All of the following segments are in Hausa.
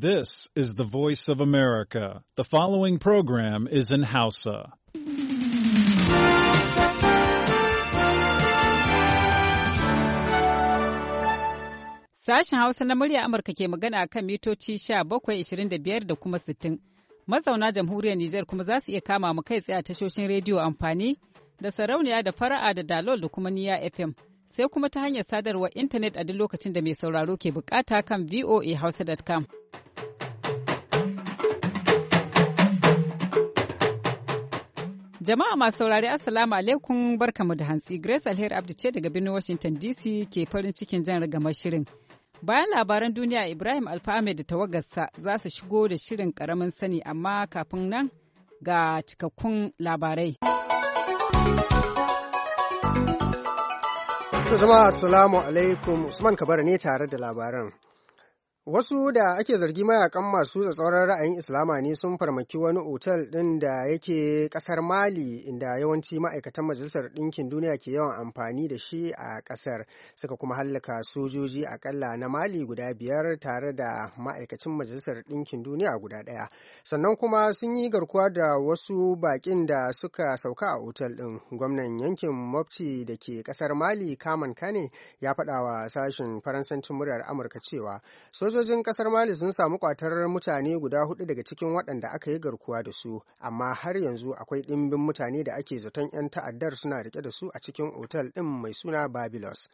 This is the voice of America. The following program is in Hausa. Sashen Hausa na murya Amurka ke magana kan mitoci 17,25 da kuma 60. Mazauna jamhuriyar Nijar kuma za su iya kama mu kai tsaye a tashoshin rediyo amfani da sarauniya da fara'a da dalol da kuma niya FM. Sai kuma ta hanyar sadarwar intanet a duk lokacin da mai sauraro ke bukata kan voahausa.com. Jama'a masu saurari Assalamu alaikum barkamu da hantsi Grace Alheri Abdi ce daga birnin Washington DC ke farin cikin jan rigamar shirin. Bayan labaran duniya Ibrahim Alfame da tawagarsa za su shigo da shirin karamin sani amma kafin nan ga cikakkun labarai. To jama'a Assalamu alaikum Usman kabar ne tare da labaran. Wasu da ake zargi mayakan masu tsatsauran ra'ayin Islama ne sun farmaki wani otal ɗin da yake ƙasar Mali inda yawanci ma'aikatan Majalisar Ɗinkin Duniya ke yawan amfani da shi a ƙasar suka kuma hallaka sojoji aƙalla na Mali guda biyar tare da ma'aikacin Majalisar Ɗinkin Duniya guda ɗaya. Sannan kuma sun yi garkuwa da wasu baƙin da suka sauka a otal ɗin. Gwamnan yankin Mofti da ke ƙasar Mali Kaman Kane ya faɗawa wa sashen Faransancin muryar Amurka cewa Sojojin kasar Mali sun samu kwatar mutane guda hudu daga cikin waɗanda aka yi garkuwa da su, amma har yanzu akwai ɗimbin mutane da ake zaton 'yan ta'addar suna rike da su a cikin otal ɗin mai suna Babilos.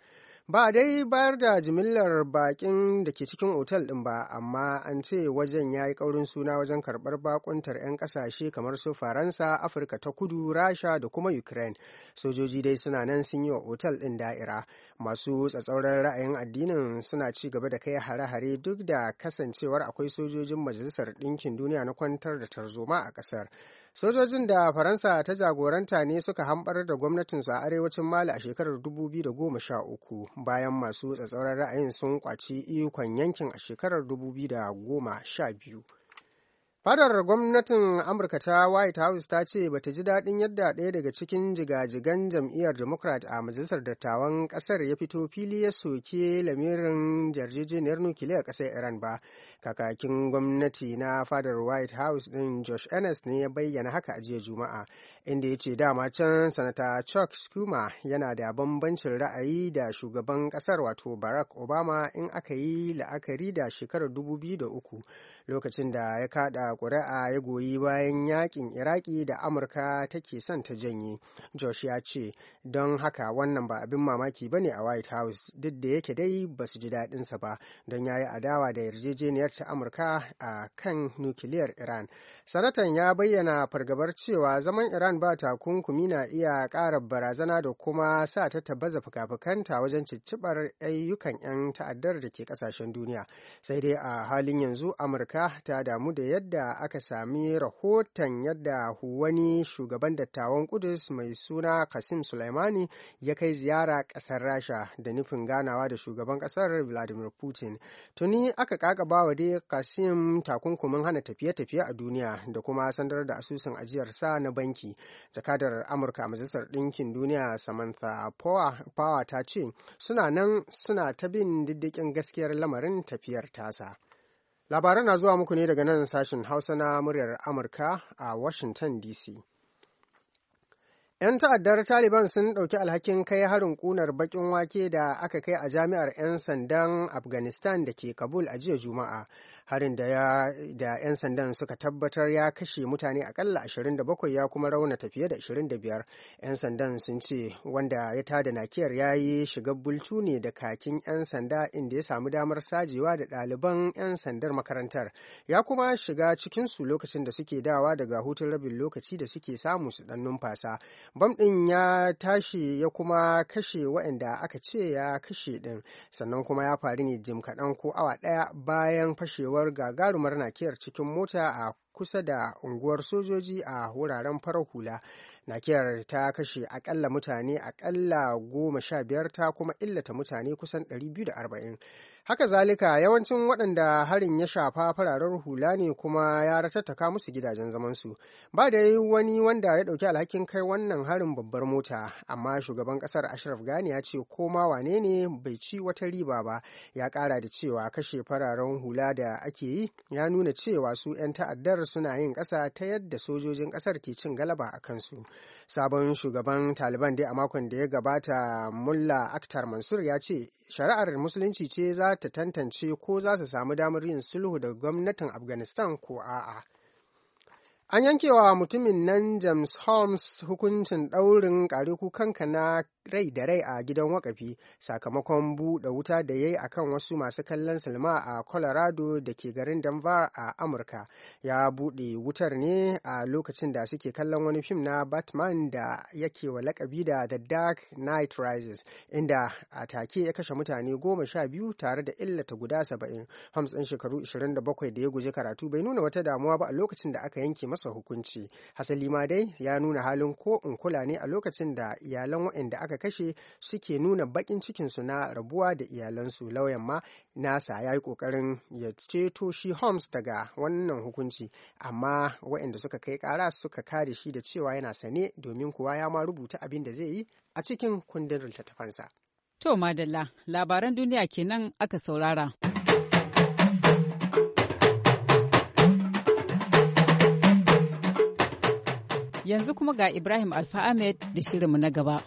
Ba dai bayar da jimillar bakin da ke cikin otal ɗin ba, amma an ce wajen ya yi ƙaurin suna wajen karɓar bakuntar 'yan ƙasashe kamar su Faransa, Afirka ta Kudu, Rasha da kuma Ukraine. Sojoji dai suna nan sun yi wa otal din da'ira. Masu tsatsauran ra'ayin addinin suna ci gaba da kai hare-hare duk da kasancewar akwai sojojin Majalisar Ɗinkin Duniya na kwantar da tarzoma a ƙasar. Sojojin da Faransa ta jagoranta ne suka hambar da gwamnatinsu a arewacin Mali a shekarar 2013 bayan masu tsatsauran ra'ayin sun kwaci ikon yankin a shekarar 2012. Fadar gwamnatin Amurka ta White House ta ce bata ji daɗin yadda ɗaya daga cikin jigajigan jam'iyyar Democrat a majalisar dattawan ƙasar ya fito fili ya soke lamirin yarjejeniyar nukiliyar ƙasar Iran ba. Kakakin gwamnati na fadar White House ɗin Josh Ennis ne ya bayyana haka a jiya Juma'a. inda ya ce dama can sanata chuck skuma yana da bambancin ra'ayi da shugaban kasar wato barack obama in aka yi la'akari da shekarar 2003 lokacin da ya kada ƙuri'a ya goyi bayan yakin iraki da amurka take son ta janye josh ya ce don haka wannan ba abin mamaki ba ne a white house duk da yake dai ba su ji daɗinsa ba don ya yi adawa da yarjejeniyar ta amurka a kan nukiliyar iran sanatan ya bayyana fargabar cewa zaman iran iran ba takunkumi na iya ƙara barazana da kuma sa ta tabbaza fuka-fukanta wajen cicibar ayyukan 'yan ta'addar da ke ƙasashen duniya sai dai a halin yanzu amurka ta damu da yadda aka sami rahoton yadda wani shugaban dattawan kudus mai suna kasim sulaimani ya kai ziyara ƙasar rasha da nufin ganawa da shugaban ƙasar vladimir putin tuni aka ƙaƙabawa dai kasim takunkumin hana tafiye-tafiye a duniya da kuma sandar da asusun ajiyarsa na banki jakadar amurka a majalisar ɗinkin duniya samantha power ta ce suna nan suna ta bin diddikin gaskiyar lamarin tafiyar tasa labaran na zuwa muku ne daga nan sashen hausa na muryar amurka a washington dc 'Yan ta'addar Taliban sun ɗauki alhakin kai harin ƙunar baƙin wake da aka kai a jami'ar 'yan sandan Afghanistan da ke Kabul a jiya Juma'a, harin da da 'yan sandan suka tabbatar ya kashe mutane akalla 27 ya kuma raunata fiye da 25 'yan sandan sun ce wanda ya tada nakiyar ya yi shiga bultu ne da kakin 'yan sanda inda ya samu damar sajewa da ɗaliban 'yan sandar makarantar ya kuma shiga cikin su lokacin da suke dawa daga hutun rabin lokaci da suke samu su dan numfasa bam ɗin ya tashi ya kuma kashe waɗanda aka ce ya kashe ɗin sannan kuma ya faru ne jim kaɗan ko awa ɗaya bayan fashewa barkewar gagarumar nakiyar cikin mota a kusa da unguwar sojoji a wuraren farar hula nakiyar ta kashe akalla mutane akalla goma sha biyar ta kuma illata mutane kusan 240 haka zalika yawancin waɗanda harin ya shafa fararen hula ne kuma ya ratattaka musu gidajen zamansu ba da yi wani wanda ya ɗauki alhakin kai wannan harin babbar mota amma shugaban ƙasar ashraf gani ya ce koma wane ne bai ci wata riba ba ya ƙara da cewa kashe fararen hula da ake yi ya nuna cewa su 'yan ta'addar suna yin ƙasa ta yadda sojojin ƙasar ke cin galaba a kansu sabon shugaban taliban dai a makon da ya gabata mulla akhtar mansur ya ce shari'ar musulunci ce za ta tantance ko za su samu damar yin sulhu da gwamnatin afghanistan ko a'a an yankewa mutumin nan james holmes hukuncin ɗaurin ƙari kukanka na rai da rai a gidan wakafi sakamakon buɗe wuta da yayi yi a kan wasu masu kallon Salma a colorado da ke garin denver a amurka ya buɗe wutar ne a lokacin da suke kallon wani fim na batman da yake wa lakabi da the dark knight rises inda a take ya kashe mutane goma sha biyu tare da illata guda saba'in hams ɗin shekaru 27 da ya guji karatu bai nuna wata damuwa ba a lokacin da aka yanke masa hukunci hasali ma dai ya nuna halin ko in kula ne a lokacin da iyalan waɗanda aka aka kashe suke nuna bakin cikinsu na rabuwa da iyalansu lauyan ma nasa ya yi kokarin ya ceto shi holmes daga wannan hukunci amma waɗanda suka kai kara suka kare shi da cewa yana sane domin kuwa ya ma rubuta abin da zai yi a cikin kundin littattafansa. To Madalla, labaran duniya kenan aka saurara. Yanzu kuma ga Ibrahim Alfa Ahmed da shirinmu na gaba.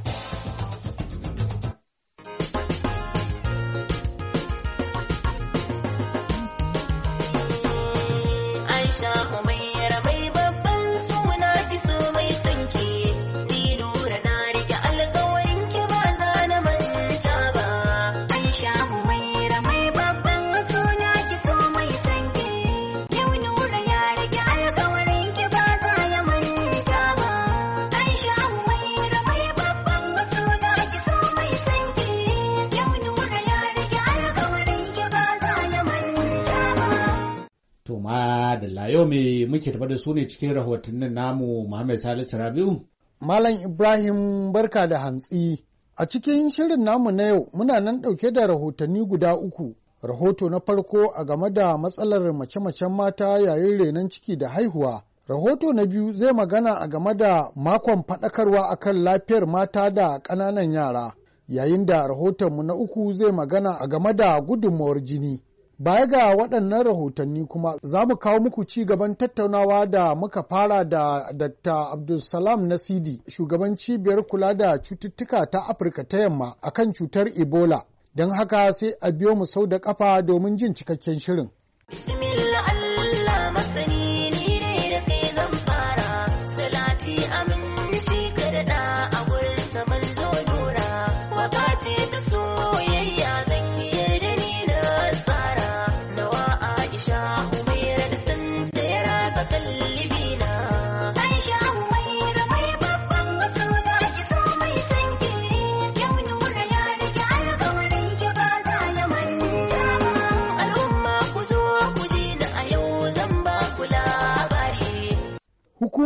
muke tafa da su ne cikin rahotannin namu Muhammad Salisu Rabiu. Malam Ibrahim barka da hantsi. A cikin shirin namu na yau muna nan ɗauke da rahotanni guda uku. Rahoto na farko a game da matsalar mace-macen mata yayin renon ciki da haihuwa. Rahoto na biyu zai magana a game da makon faɗakarwa a kan lafiyar mata da ƙananan yara. Yayin da rahotonmu na uku zai magana a game da gudunmawar jini. Baya ga waɗannan rahotanni kuma za mu kawo muku ci gaban tattaunawa da muka fara da Dr. Abdulsalam Nasidi, shugaban cibiyar kula da cututtuka ta Afirka ta yamma akan cutar Ebola. Don haka sai a biyo mu sau da ƙafa domin jin cikakken shirin.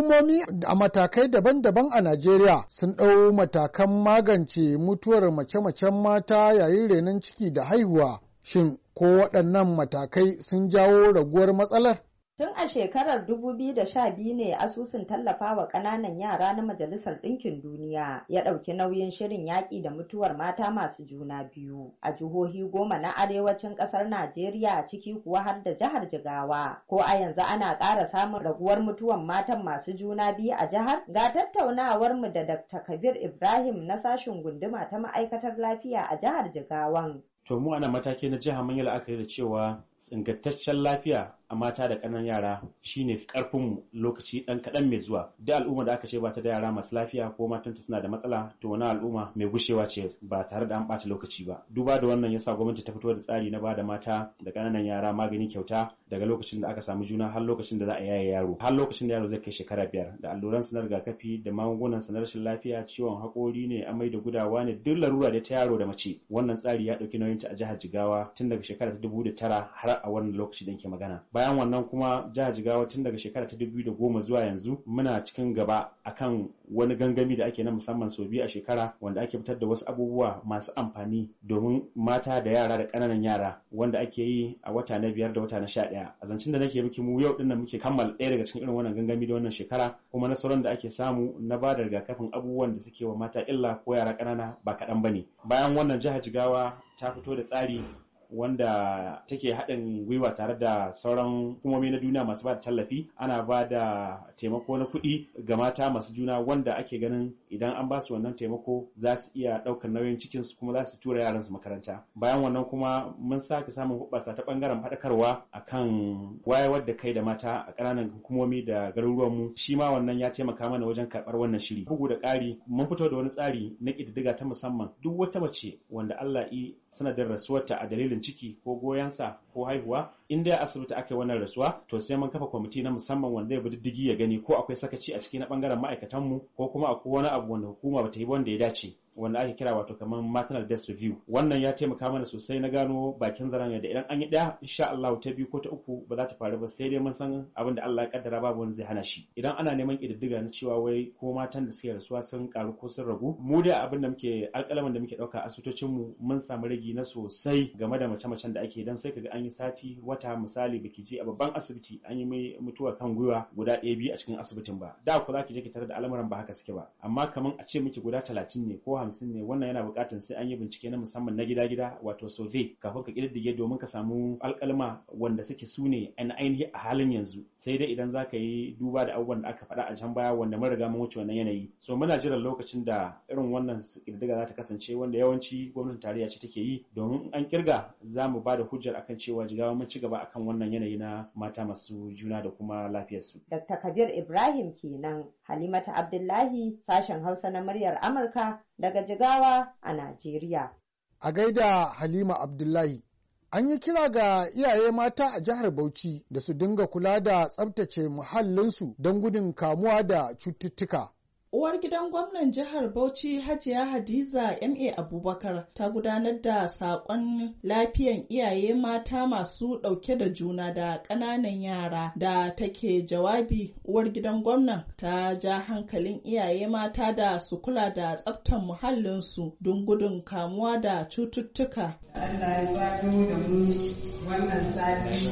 Hukumomi a matakai daban-daban a Najeriya sun ɗau matakan magance mutuwar mace-macen mata yayin renon ciki da haihuwa. Shin ko waɗannan matakai sun jawo raguwar matsalar? Tun a shekarar 2012 ne asusun tallafawa ƙananan yara na Majalisar Ɗinkin Duniya ya ɗauki nauyin shirin yaƙi da mutuwar mata masu juna biyu a jihohi goma na arewacin ƙasar Najeriya ciki kuwa har da jihar Jigawa. Ko a yanzu ana ƙara samun raguwar mutuwar matan masu juna biyu a jihar? Ga tattaunawar mu da Dr. Kabir Ibrahim na sashin gunduma ta ma'aikatar lafiya a jihar Jigawan. To mu ana mataki na jiha mun yi la'akari da cewa tsingantaccen lafiya a mata da ƙanan yara shine ƙarfinmu lokaci ɗan kaɗan mai zuwa da al'umma da aka ce ba ta da yara masu lafiya ko matanta suna da matsala to wani al'umma mai gushewa ce ba tare da an ɓata lokaci ba duba da wannan yasa gwamnati ta fito da tsari na bada mata da ƙananan yara magani kyauta daga lokacin da aka samu juna har lokacin da za a yaye yaro har lokacin da yaro zai kai shekara biyar da alluran su na rigakafi da magungunan sanar na rashin lafiya ciwon haƙori ne amai da gudawa ne duk larura da ta yaro da mace wannan tsari ya ɗauki nauyinta a jihar jigawa tun daga shekara ta dubu da tara har a wannan lokaci da ke magana bayan wannan kuma jihar jigawa tun daga shekara ta dubu da goma zuwa yanzu muna cikin gaba akan wani gangami da ake na musamman sau biyu a shekara wanda ake fitar da wasu abubuwa masu amfani domin mata da yara da ƙananan yara wanda ake yi a wata na biyar da wata na sha ɗaya a zancen da nake miki mu yau ɗin nan muke kammala ɗaya daga cikin irin wannan gangami da wannan shekara kuma na da ake samu na ba da rigakafin abubuwan da suke wa mata illa ko yara ƙanana ba kaɗan ba ne bayan wannan jihar jigawa ta fito da tsari wanda take haɗin gwiwa tare da sauran hukumomi na duniya masu bada tallafi ana ba da taimako na kuɗi ga mata masu juna wanda ake ganin idan an ba su wannan taimako za su iya ɗaukar nauyin cikin su kuma za su tura yaran su makaranta bayan wannan kuma mun sake samun hubbasa ta bangaren faɗakarwa akan wayewar da kai da mata a ƙananan hukumomi da garuruwan mu shi ma wannan ya taimaka mana wajen karɓar wannan shiri bugu da ƙari mun fito da wani tsari na ƙididdiga ta musamman duk wata mace wanda Allah yi sanadin rasuwarta a dalilin ciki ko goyonsa ko haihuwa in dai asibiti aka yi wannan rasuwa to sai mun kafa kwamiti na musamman wanda ya bi diddigi ya gani ko akwai sakaci a ciki na bangaren ma'aikatanmu ko kuma akwai wani abu wanda hukuma bata yi wanda ya dace wanda ake kira wato kamar maternal death review wannan ya taimaka mana sosai na gano bakin zaran da idan an yi daya insha Allah ta biyu ko ta uku ba za ta faru ba sai dai mun san abin da Allah ya kaddara babu wani zai hana shi idan ana neman kididdiga na cewa wai ko matan da suke rasuwa sun karu ko sun ragu mu da abin da muke alƙalaman da muke dauka asibitocin mu mun samu ragi na sosai game da mace-macen da ake dan sai kaga an yi sati wata misali baki je a babban asibiti an yi mai mutuwa kan gwiwa guda ɗaya biyu a cikin asibitin ba da ku za ki je ki tare da al'amuran ba haka suke ba amma kaman a ce miki guda talatin ne ko hamsin ne wannan yana bukatan sai an yi bincike na musamman na gida-gida wato survey kafin ka kirdige domin ka samu alkalma wanda suke su ne ainihi a halin yanzu sai dai idan za ka yi duba da abubuwan da aka faɗa a can baya wanda mun riga mun wuce wannan yanayi so muna jiran lokacin da irin wannan kirdiga za ta kasance wanda yawanci gwamnatin tarayya ce take yi domin an kirga za mu ba da hujjar akan cewa jigawa mun ci gaba akan wannan yanayi na mata masu juna da kuma lafiyarsu. Dr. Kabir Ibrahim kenan Halimata Abdullahi sashen Hausa na muryar Amurka daga Jigawa a Najeriya. A gaida Halima Abdullahi, an yi kira ga iyaye mata a jihar Bauchi da su dinga kula da tsabtace muhallinsu don gudun kamuwa da cututtuka. Uwar gidan gwamnan jihar Bauchi Hajiya Hadiza MA Abubakar ta gudanar da sakon lafiyan iyaye mata masu ɗauke da juna da ƙananan yara da take jawabi uwar gidan gwamnan ta ja hankalin iyaye mata da su kula da tsaftan muhallinsu don gudun kamuwa da cututtuka. Allah ya da mu wannan sati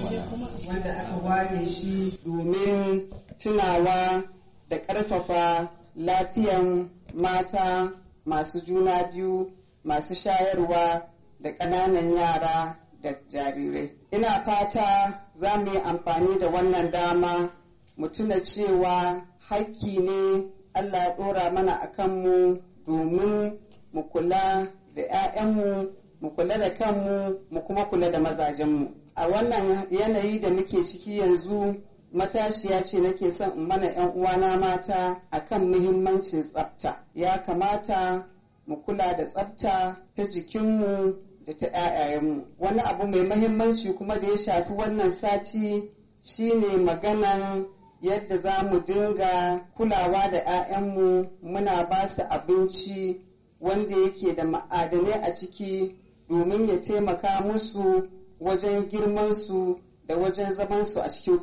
wanda aka ware shi domin tunawa da ƙarfafa lafiyan mata masu juna biyu masu shayarwa da ƙananan yara da jarirai. Ina fata za mu yi amfani da wannan dama mu tuna cewa haƙƙi ne Allah ɗora mana a kanmu domin mu kula da 'ya'yanmu, mu kula da kanmu, mu kuma kula da mazajenmu. A wannan yanayi da muke ciki yanzu matashiya ce nake son in mana 'yan uwana mata a kan muhimmancin tsabta ya kamata mu kula da tsabta ta jikinmu da ta yayayanmu wani abu mai mahimmanci kuma da ya shafi wannan sati shine maganan yadda za mu dinga kulawa da 'ya'yanmu muna ba su abinci wanda yake da ma'adanai a ciki domin ya taimaka musu wajen girmansu da wajen zaman su a cikin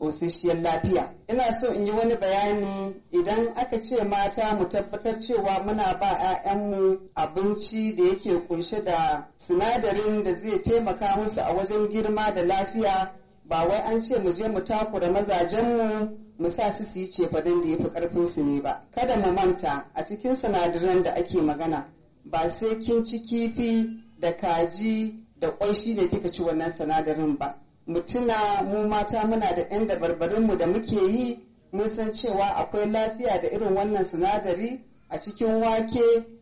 ƙosasshiyar lafiya. Ina so in yi wani bayani idan aka ce mata mu tabbatar cewa muna ba 'ya'yanmu abinci da yake kunshe da sinadarin da zai taimaka musu a wajen girma da lafiya ba wai an ce mu je mu takura mazajenmu mu sa su su yi cefadin da ya fi ƙarfinsu ne ba. Kada mu manta a cikin sinadaran da ake magana ba sai kin ci kifi da kaji da ƙwai shi ne kika ci wannan sinadarin ba. mu tuna mu mata muna da 'yan mu da muke yi mun san cewa akwai lafiya da irin wannan sinadari a cikin wake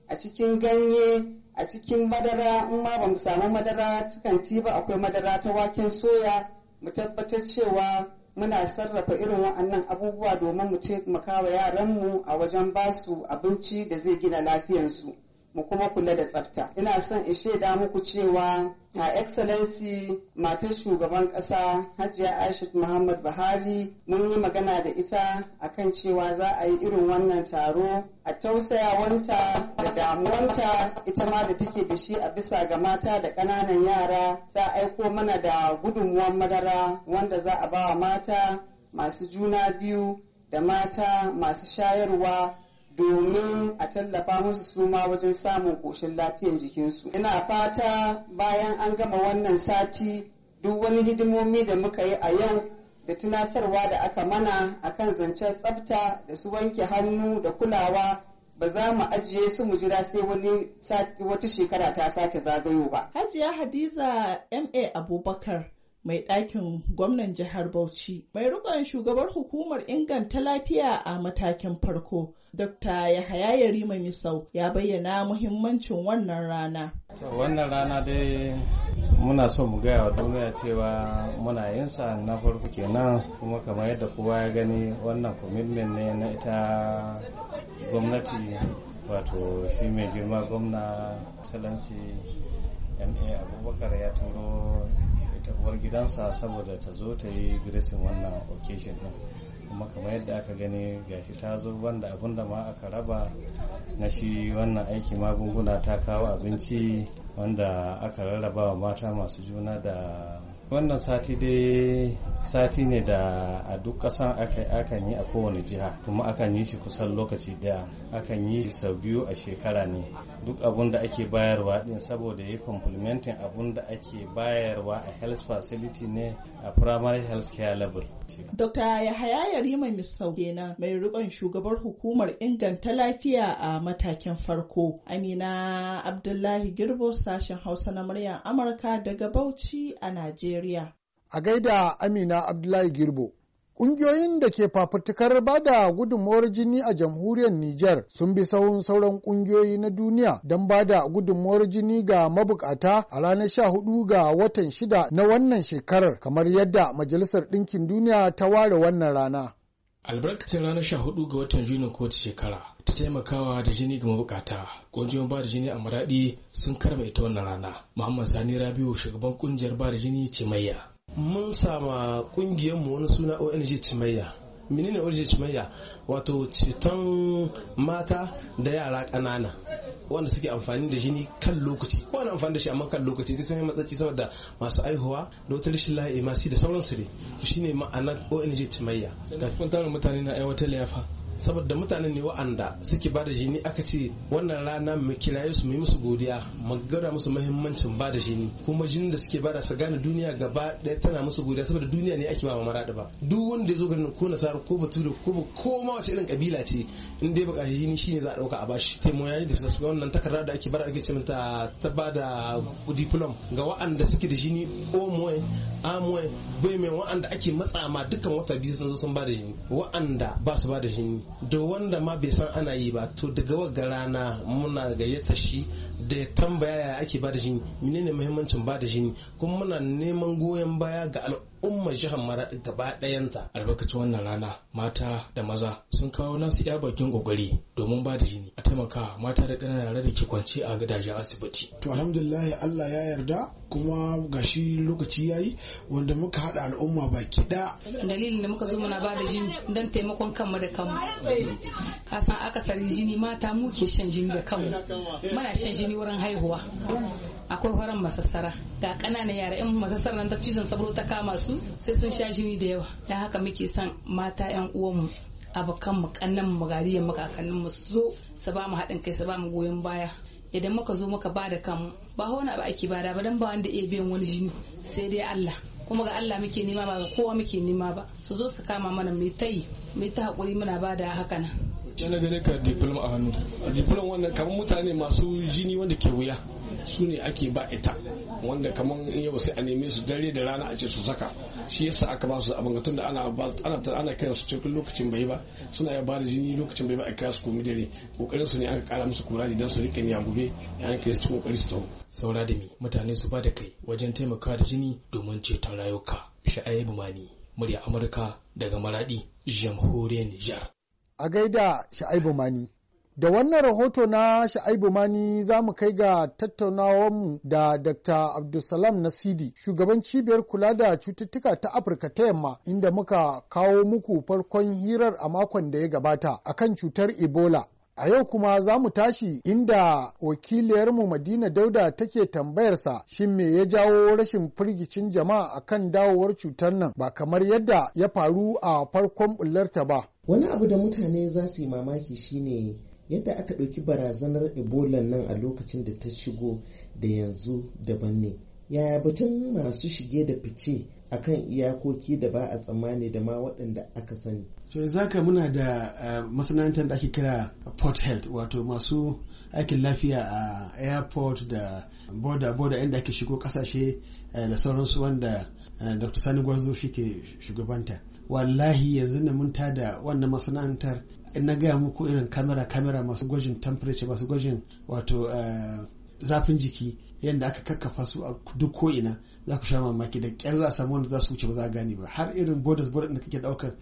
a cikin ganye a cikin madara in ma ba samu madara tukanti ba akwai madara ta waken soya mu tabbatar cewa muna sarrafa irin wa'annan abubuwa domin mu taimaka wa yaranmu a wajen basu abinci da zai gina lafiyar su. mu kuma kula da tsafta. Ina son in shaida muku cewa a excellency matar shugaban ƙasa Hajiya Aishat Muhammad Buhari mun yi magana da ita akan cewa za a yi irin wannan taro a tausayawanta da damuwanta ita ma da take da shi a bisa ga mata da ƙananan yara ta aiko mana da gudunmuwan madara wanda za a ba wa mata masu juna biyu da mata masu shayarwa domin a tallafa musu su ma wajen samun koshin lafiyar jikinsu. Ina fata bayan an gama wannan sati duk wani hidimomi da muka yi a yau da tunasarwa da aka mana a kan zancen tsafta da su wanke hannu da kulawa ba za mu ajiye su mu jira sai wani wata shekara ta sake zagayo ba. Hajiya Hadiza MA Abubakar mai ɗakin gwamnan jihar Bauchi. Mai rikon shugabar hukumar inganta lafiya a matakin farko. Dokta Yahaya Yarima Misau ya bayyana muhimmancin wannan rana. Wannan rana dai muna so mu gaya wa duniya cewa muna yin sa na farko kenan kuma kamar yadda kowa ya gani wannan commitment ne na ita gwamnati wato shi mai girma gwamna excellency ma abubakar ya turo uwar gidansa saboda ta zo ta yi gresin wannan occasion din kuma kamar yadda aka gani gashi ta zo wanda abin da ma aka raba na shi wannan aiki magunguna ta kawo abinci wanda aka rarraba wa mata masu juna da wannan sati dai sati ne da a duk ƙasan akan yi a kowane jiha kuma akan yi shi kusan lokaci daya akan yi shi sau biyu a shekara ne duk abun da ake bayarwa din saboda ya complementing abun da ake bayarwa a health facility ne a primary health care level Dr. Yahaya Yarima sau kenan mai rikon shugabar hukumar inganta lafiya a matakin farko. Amina Abdullahi Girbo sashen Hausa na muryar Amurka daga Bauchi a Najeriya. Najeriya. A gaida Amina Abdullahi Girbo. Ƙungiyoyin da ke fafutukar ba da gudunmawar jini a jamhuriyar Nijar sun bi sahun sauran ƙungiyoyi na duniya don ba da gudunmawar jini ga mabukata a ranar sha hudu ga watan shida na wannan shekarar kamar yadda Majalisar Ɗinkin Duniya ta ware wannan rana. albarkacin ranar sha hudu ga watan junin kowace shekara ta taimakawa da jini ga mabukata kungiyoyin ba da jini a maradi sun karma ita wannan rana muhammad sani rabiu shugaban kungiyar ba da jini cimayya mun sama kungiyarmu wani suna ong cimayya menene orji cimayya wato ceton mata da yara kanana wanda suke amfani da jini kan lokaci ko ana amfani da shi amma kan lokaci ta sai matsatsi saboda masu aihuwa da wata rashin lahi masu da sauransu ne to shine ma'anar ONG cimayya da kun mutane na aiwatar liyafa saboda mutanen ne wa'anda suke ba da jini aka ce wannan rana mu kiraye su mu yi musu godiya mu gada musu muhimmancin ba da jini kuma jinin da suke bada su gane duniya gaba daya tana musu godiya saboda duniya ne ake ba da ba duk wanda ya zo garin ko nasara ko bature ko ko ma wace irin kabila ce in dai baka jini shine za a dauka a bashi mu yayi da su wannan takarda da ake bara ake ce ta ba bada diplom ga wa'anda suke da jini a moye bai mai wa'anda ake matsa ma dukkan wata biyu sun zo sun ba da jini wa'anda ba su ba da jini da wanda ma bai san ana yi ba to daga wagga rana muna gayyata shi da ya tambaya ya ake ba da jini menene muhimmancin ba da jini kuma muna neman goyon baya ga al'umma Umma jihar Maraɗi gaba ɗayanta. Albarkacin wannan rana mata da maza sun kawo nasu ya bakin kokari domin ba da jini a taimaka mata da ƙananan yara da ke kwance a gidajen asibiti. To alhamdulillah Allah ya yarda kuma gashi lokaci yayi wanda muka haɗa al'umma baki da Dalilin da muka zo muna ba da jini don taimakon kanmu da kanmu. Ka san akasari jini mata muke shan jini da kanmu. Muna shan jini wurin haihuwa. Akwai horon masassara. ga ƙananan yara in masasar nan ta cizon sabro ta kama su sai sun sha jini da yawa dan haka muke son mata yan uwanmu abokan mu kannan mu gariyan mu kakannin mu zo su ba mu haɗin kai su ba mu goyon baya idan muka zo muka ba da kanmu ba wani abu ake bada ba dan ba wanda iya biyan wani jini sai dai Allah kuma ga Allah muke nema ba ga kowa muke nema ba su zo su kama mana mai tayi mai ta hakuri muna da haka nan jana gane ka diploma a hannu diploma wannan kamar mutane masu jini wanda ke wuya su ne ake ba ita wanda kamar in yau sai a neme su dare da rana a ce su saka shi yasa aka ba su abin tun da ana ana ana kai su cikin lokacin bai ba suna ya ba da jini lokacin bai ba a kai su komi dare kokarin su ne aka kara musu kuraji dan su rike ni a gobe an kai su kokari su tawo saura da mi mutane su ba da kai wajen taimaka da jini domin ceton rayuka sha'ayi bumani murya amurka daga maradi jamhuriyar nijar a gaida sha'aibu mani Da wannan rahoto na Sha'aibu Mani za mu kai ga tattaunawarmu da Dr. Abdulsalam Nasidi, shugaban cibiyar kula da cututtuka ta Afirka ta Yamma, inda muka kawo muku farkon hirar a makon da ya gabata a kan cutar Ebola. A yau kuma za mu tashi inda wakiliyarmu Madina Dauda take tambayarsa shin me ya jawo rashin firgicin jama'a akan dawowar cutar nan ba kamar yadda ya faru a farkon bullarta ba. Wani abu da mutane za su yi mamaki shine yadda aka ɗauki barazanar ebola nan a lokacin da ta shigo da yanzu daban ne yaya batun masu shige da fice a kan iyakoki da ba a tsammani da ma waɗanda aka sani so yanzu haka muna da eh, masana'antar da ake kira port health wato masu aikin lafiya a airport da border border inda ake shigo ƙasashe eh, da sauransu wanda eh, dr sani gwarzo shi ke shugabanta wallahi yanzu da mun tada wannan masana'antar in na gaya muku irin kamera kamera masu gwajin temperature masu gwajin wato eh, zafin jiki yadda aka kakkafa su a duk ko'ina za ku sha mamaki da kyar za a samu wanda za su wuce ba za a gane ba har irin borders borders da kake daukar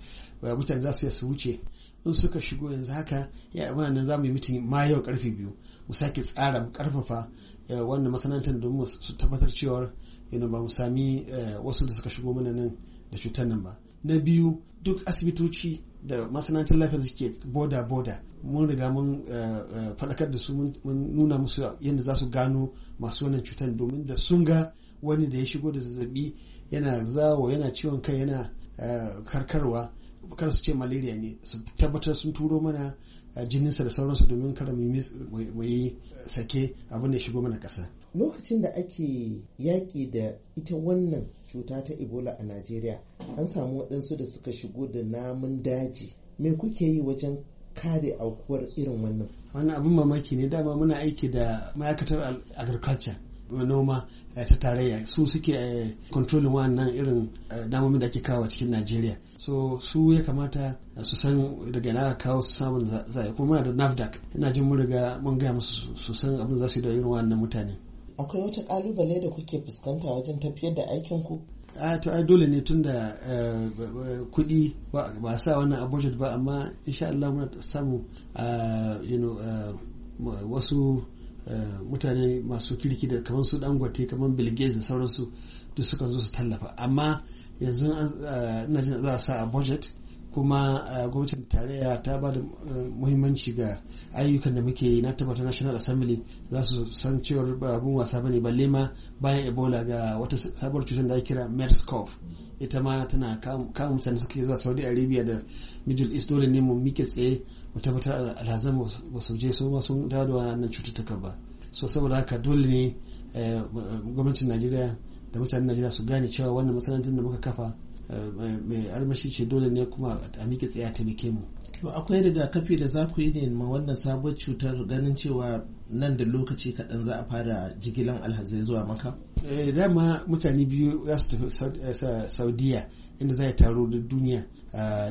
eh, mutane za su su wuce in suka shigo yanzu haka ya yi nan za mu yi mitin ma yau karfe biyu mu sake tsara mu karfafa eh, wannan masana'antar domin su tabbatar cewa ba mu sami wasu da suka shigo mana nan da cutar nan ba na biyu duk asibitoci da masana'antar lafiya suke boda boda mun riga mun eh, eh, faɗakar da su mun nuna musu yadda za su gano masu wannan cutar domin da sun ga wani da ya shigo da zazzabi yana zawo yana ciwon kai yana eh, karkarwa kar su ce malaria ne su tabbatar sun turo mana jininsa da sauransu domin kada mu yi sake abin da ya shigo mana kasa. lokacin da ake yaƙi da ita wannan cuta ta ebola a najeriya an samu waɗansu da suka shigo da namun daji me kuke yi wajen kare aukuwar irin wannan wannan abin mamaki ne dama muna aiki da ma'aikatar agriculture noma eh, ta tarayya su suke kontrolin eh, wannan irin damomin eh, da ake kawo cikin najeriya so su ya kamata su san daga na kawo su samun zai kuma da nafdac ina jin mun riga mun gaya musu su san abin za su yi da irin wannan mutane akwai wata kalubale da kuke fuskanta wajen tafiyar da aikin ku a to ai dole ne tun da eh, kuɗi ba sa wannan a budget ba amma insha Allah muna samu you know wasu eh, mutane masu kirki da kamar su dangote kamar Bill Gates da sauransu duk suka zo su tallafa amma yanzu eh, ina jin za a sa a budget kuma eh, gwamnatin tarayya ta ba da eh, muhimmanci ga ayyukan da muke yi na tabbata national assembly za su san cewar ba abun wasa bane balle ma bayan ebola ga wata sabuwar cutar da ake kira merskov ita ma tana kama mutane suke zuwa saudi arabia da middle east dole ne mu mike tsaye mu tabbatar alhazan ba su je su ma sun dawo da wannan cututtuka ba so saboda haka dole ne eh, gwamnatin najeriya da mutanen najeriya su gane cewa wannan masana'antar da muka kafa Eh, mai armashi ce dole ne kuma a miƙe tsaya ta nike mu to akwai rigakafi da za ku yi ne ma wannan sabuwar cutar ganin cewa nan da lokaci kaɗan za a fara jigilan alhazai zuwa maka eh, dama mutane biyu za su tafi eh, saudiya inda za a taro da duniya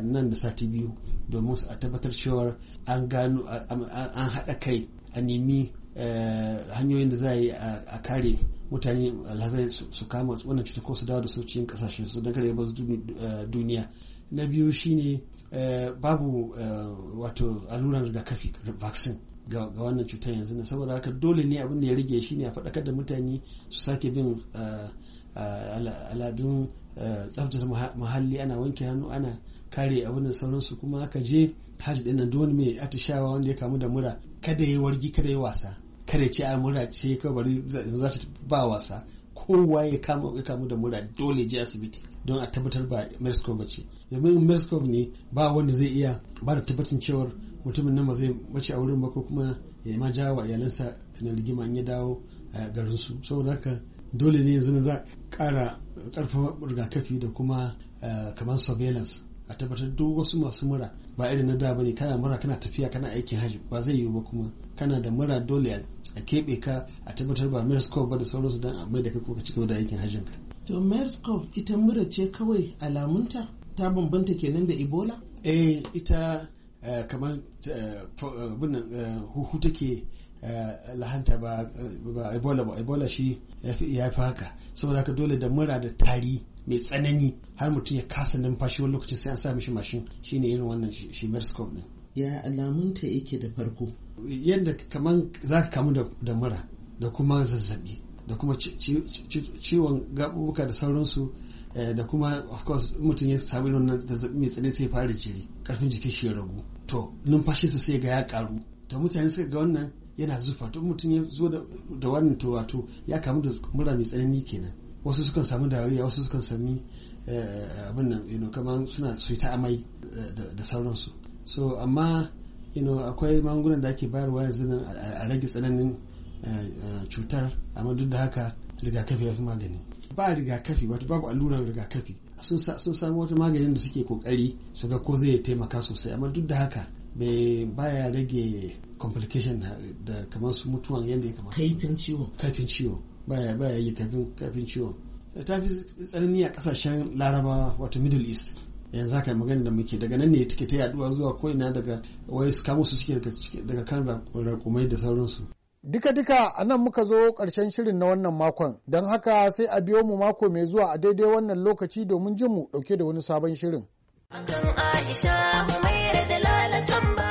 nan da sati biyu domin a tabbatar cewa an gano an haɗa kai a nemi hanyoyin da za a yi a kare mutane alhazai su kama wannan cuta ko su dawo da su cikin kasashen su don kare basu eh, duniya na biyu shine eh, babu eh, wato alluran rigakafi vaccine ga wannan cutar yanzu na saboda haka dole ne abin da ya rage shine a faɗakar da mutane su sake bin al'adun tsaftace muhalli ana wanke hannu ana kare abin da sauransu kuma aka je hajji ɗin nan dole mai atishawa wanda ya kamu da mura kada ya wargi kada ya wasa kada ce a mura ce kawai bari za ta ba wasa kowa ya kamu da mura dole je asibiti don a tabbatar ba merscom ba ce domin merscom ne ba wanda zai iya ba da tabbatin cewar mutumin nan ba zai mace a wurin ba ko kuma ya ma jawo wa iyalansa na rigima ya dawo a garin su saboda haka dole ne yanzu za kara karfafa rigakafi da kuma eh, kamar surveillance a tabbatar duk wasu masu mura ba irin na da bane kana mura kana tafiya kana aikin hajji ba zai yiwu ba kuma kana da mura dole a keɓe ka a tabbatar ba merscov ba da sauransu don a mai da kai ka cigaba da aikin hajjin ka. to merscov ita mura ce kawai alamunta ta bambanta kenan da ebola? eh ita eh, kamar eh, eh, huhu take lahanta ba ebola ba ebola shi ya fi haka saboda haka dole da mura da tari mai tsanani har mutum ya kasa numfashi wani lokaci sai an sa mishi mashin shine irin wannan shi merscov din ya alamunta yake da farko yadda kamar za ka kamu da mura da kuma zazzabi da kuma ciwon gaɓuɓuka da sauransu eh, da kuma of course mutum ya sami wannan zazzabi mai tsanani sai fara jiri karfin jikin shi ya ragu to numfashinsa sai ga ya karu to mutane suka ga wannan yana zufa to mutum ya zo da wannan to wato ya kamu da mura mai tsanani kenan wasu sukan samu dariya wasu sukan sami eh, abin nan kamar suna su ta amai eh, da sauransu so amma akwai magungunan da ake bayarwa yanzu a rage tsananin eh, eh, cutar amma duk da haka rigakafi ya fi magani ba rigakafi wato babu allurar rigakafi sun samu wata maganin da suke kokari su ga ko zai taimaka sosai amma duk da haka bai baya rage complication da kamar su mutuwan yadda ya kamata kaifin ciwo kaifin ciwo baya baya yi kaifin kaifin ciwo ta fi tsanani a kasashen larabawa wato middle east yanzu haka magana da muke daga nan ne take ta yaduwa zuwa ko ina daga wai su kamo su suke daga kan rakumai da sauransu Duka-duka a nan muka zo ƙarshen shirin na wannan makon, don haka sai a biyo mu mako mai zuwa a daidai wannan lokaci domin jin mu ɗauke da wani sabon shirin. Aisha, da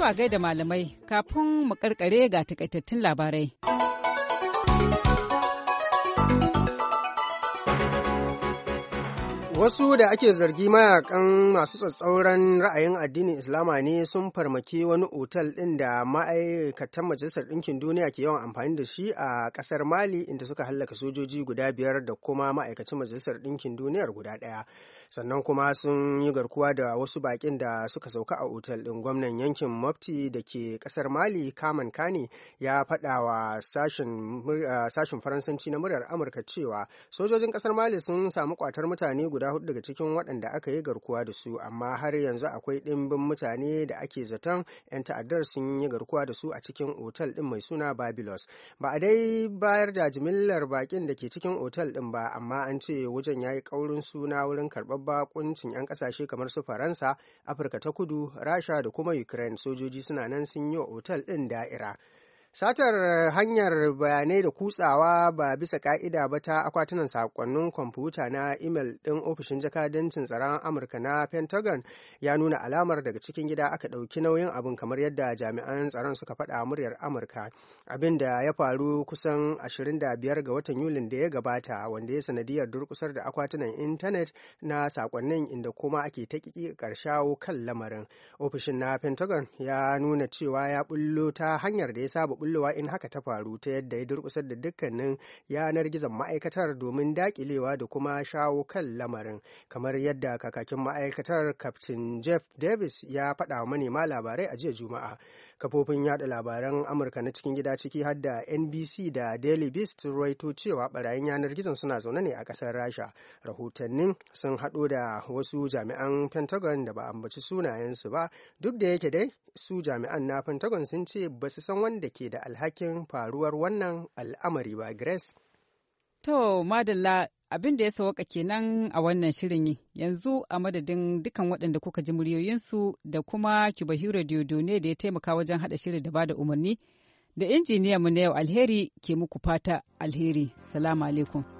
To a gaida malamai kafin mu karkare ga takaitattun labarai. Wasu da ake zargi mayakan masu tsatsauran ra'ayin addinin Islama ne sun farmaki wani otal ɗin da ma'aikatan Majalisar Ɗinkin Duniya ke yawan amfani da shi a ƙasar Mali inda suka hallaka sojoji guda biyar da kuma ma'aikacin Majalisar Ɗinkin Duniyar guda ɗaya. sannan kuma sun yi garkuwa da wasu bakin da suka sauka a otal ɗin gwamnan yankin mafti da ke ƙasar mali kaman kane ya faɗa wa sashen faransanci na muryar amurka cewa sojojin ƙasar mali sun samu kwatar mutane guda hudu daga cikin waɗanda aka yi garkuwa da su amma har yanzu akwai ɗimbin mutane da ake zaton 'yan ta'addar sun yi garkuwa da su a cikin otal ɗin mai suna babilos ba a dai bayar da jimillar bakin da ke cikin otal ɗin ba amma an ce wajen ya yi ƙaurin suna wurin karɓar bakuncin 'yan kasashe kamar su faransa afirka ta kudu rasha da kuma ukraine sojoji suna nan sun yi wa otal ɗin da'ira Satar hanyar bayanai da kutsawa ba bisa ka'ida ba ta akwatunan sakonnin kwamfuta na imel ɗin ofishin jakadancin tsaron Amurka na Pentagon ya nuna alamar daga cikin gida aka ɗauki nauyin abin kamar yadda jami'an tsaron suka faɗa muryar Amurka. Abin da ya faru kusan 25 ga watan Yulin da ya gabata wanda ya sanadiyar durkusar da akwatunan intanet na sakonnin inda kuma ake ta kan lamarin. Ofishin na Pentagon ya nuna cewa ya bullo ta hanyar da ya saba bullowa in haka ta faru ta yadda ya durkusar da dukkanin yanar gizon ma'aikatar domin dakilewa da kuma shawo kan lamarin kamar yadda kakakin ma'aikatar captain jeff davis ya faɗa manema labarai a jiya juma'a kafofin yada labaran amurka na cikin gida ciki har da nbc da daily beast raito cewa barayin yanar gizon suna zaune ne a ƙasar rasha rahotannin sun haɗo da wasu jami'an pentagon da ba ambaci sunayensu ba duk da yake dai su jami'an na pentagon sun ce ba su san wanda ke da alhakin faruwar wannan al'amari ba grace to madalla abin da ya sawaka kenan a wannan shirin yanzu a madadin dukan waɗanda kuka ji muryoyinsu da kuma kibahiro ne da ya taimaka wajen haɗa shirin da bada umarni da mu na yau alheri ke muku fata alheri salamu alaikum